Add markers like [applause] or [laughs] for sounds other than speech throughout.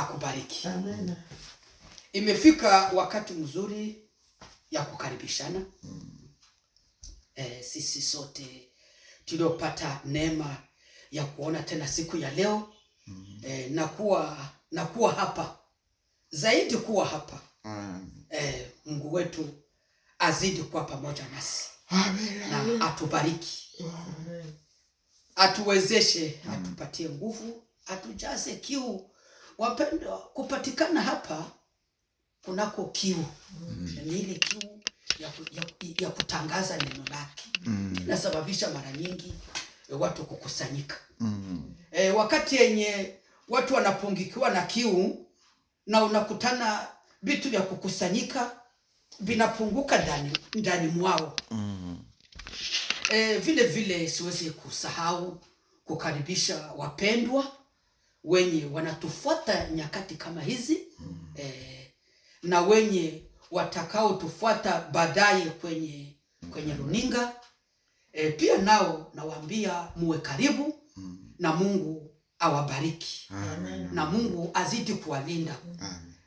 akubariki. Amen. Imefika wakati mzuri ya kukaribishana e, sisi sote tuliopata neema ya kuona tena siku ya leo e, na kuwa na kuwa hapa zaidi kuwa hapa e, Mungu wetu azidi kuwa pamoja nasi Amen. na atubariki Amen. atuwezeshe, hmm. atupatie nguvu, atujaze kiu Wapendwa, kupatikana hapa kunako kiu mm. ni ile kiu ya, ya, ya kutangaza neno lake mm. inasababisha mara nyingi watu kukusanyika mm. E, wakati yenye watu wanapungikiwa na kiu na unakutana vitu vya kukusanyika vinapunguka ndani mwao mm. E, vile vile siwezi kusahau kukaribisha wapendwa wenye wanatufuata nyakati kama hizi eh, na wenye watakaotufuata baadaye kwenye kwenye runinga eh, pia nao nawaambia muwe karibu na Mungu awabariki Amen. Na Mungu azidi kuwalinda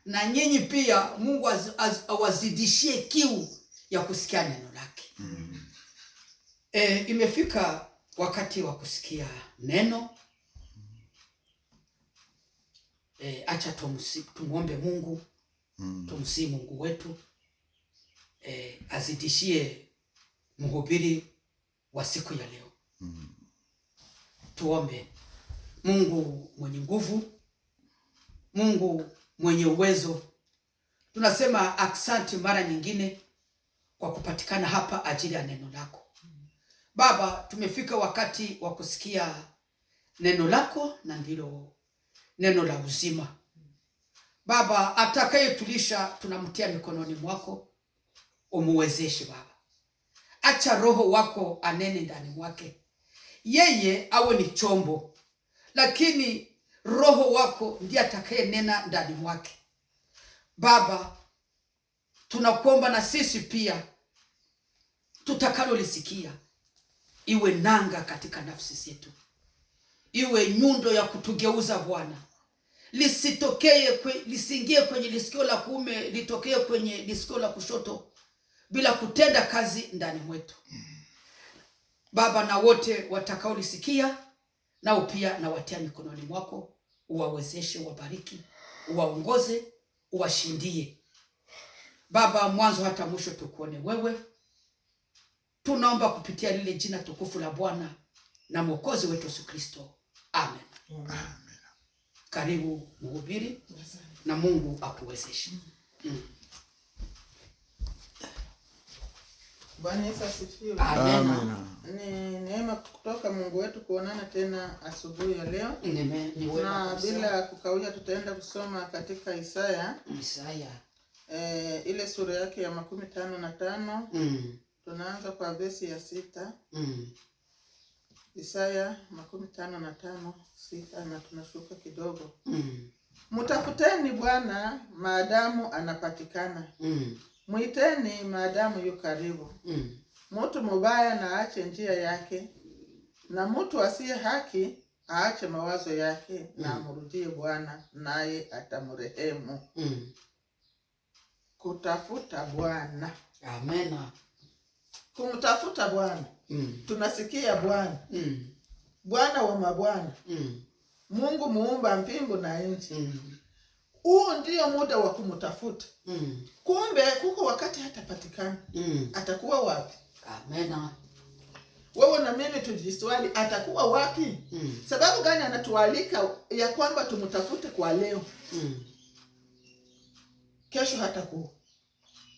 Na nyinyi pia Mungu az, az, awazidishie kiu ya kusikia neno lake mm. E, imefika wakati wa kusikia neno e, acha tumsi, tumwombe Mungu mm. tumsii Mungu wetu e, azidishie mhubiri wa siku ya leo mm. Tuombe Mungu mwenye nguvu, Mungu mwenye uwezo, tunasema aksanti mara nyingine kwa kupatikana hapa ajili ya neno lako Baba. Tumefika wakati wa kusikia neno lako na ndilo neno la uzima. Baba, atakayetulisha tunamtia mikononi mwako, umuwezeshe Baba. Acha Roho wako anene ndani mwake, yeye awe ni chombo, lakini Roho wako ndiye atakayenena ndani mwake. Baba, tunakuomba na sisi pia tutakalolisikia iwe nanga katika nafsi zetu iwe nyundo ya kutugeuza Bwana, lisitokee kwe, lisiingie kwenye lisikio la kuume litokee kwenye lisikio la kushoto bila kutenda kazi ndani mwetu Baba, na wote watakaolisikia nao pia nawatia mikononi mwako, uwawezeshe, uwabariki, uwaongoze, uwashindie Baba, mwanzo hata mwisho tukuone wewe. Tunaomba kupitia lile jina tukufu la Bwana na Mwokozi wetu Yesu Kristo. Amen. Amen. Karibu mhubiri na Mungu akuwezeshe. Mm. Bwana Yesu asifiwe. Amen. Ni neema kutoka Mungu wetu kuonana tena asubuhi ya leo. Na bila kukauya tutaenda kusoma katika Isaya. Isaya. E, ile sura yake ya makumi tano na tano. Mm. Tunaanza kwa vesi ya sita. Mm. Isaya makumi tano na tano sita na tunashuka kidogo mm. Mtafuteni Bwana maadamu anapatikana mm. Mwiteni maadamu yu karibu mm. Mtu mubaya na aache njia yake, na mtu asiye haki aache mawazo yake mm. na amrudie Bwana naye atamrehemu mm. Kutafuta Bwana, amena, kumtafuta Bwana Mm. tunasikia Bwana mm. Bwana wa mabwana mm. Mungu muumba mbingu na nchi mm. Huu ndio muda wa kumtafuta mm. Kumbe kuko wakati hatapatikana mm. Atakuwa wapi? Amena. Wewe na mimi tujiswali, atakuwa wapi? mm. Sababu gani anatualika ya kwamba tumtafute kwa leo mm. Kesho hatakuwa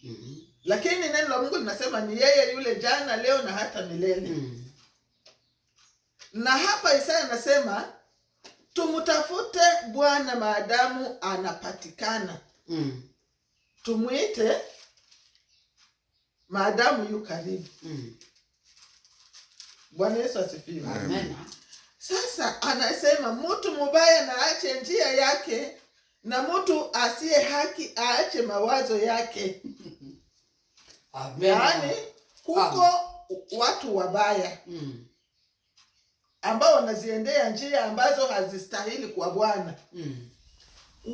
Mm-hmm. Lakini neno la Mungu linasema ni yeye yule jana, leo na hata milele mm Na hapa Isaya anasema tumtafute Bwana maadamu anapatikana mm mm-hmm. Tumwite maadamu yu karibu mm Bwana Yesu asifiwe. Amen. Sasa anasema mtu mubaya na aache njia yake na mtu asiye haki aache mawazo yake [laughs] Yaani kuko Amen. watu wabaya mm. ambao wanaziendea njia ambazo hazistahili kwa Bwana mm.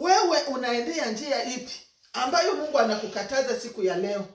Wewe unaendea njia ipi ambayo Mungu anakukataza siku ya leo?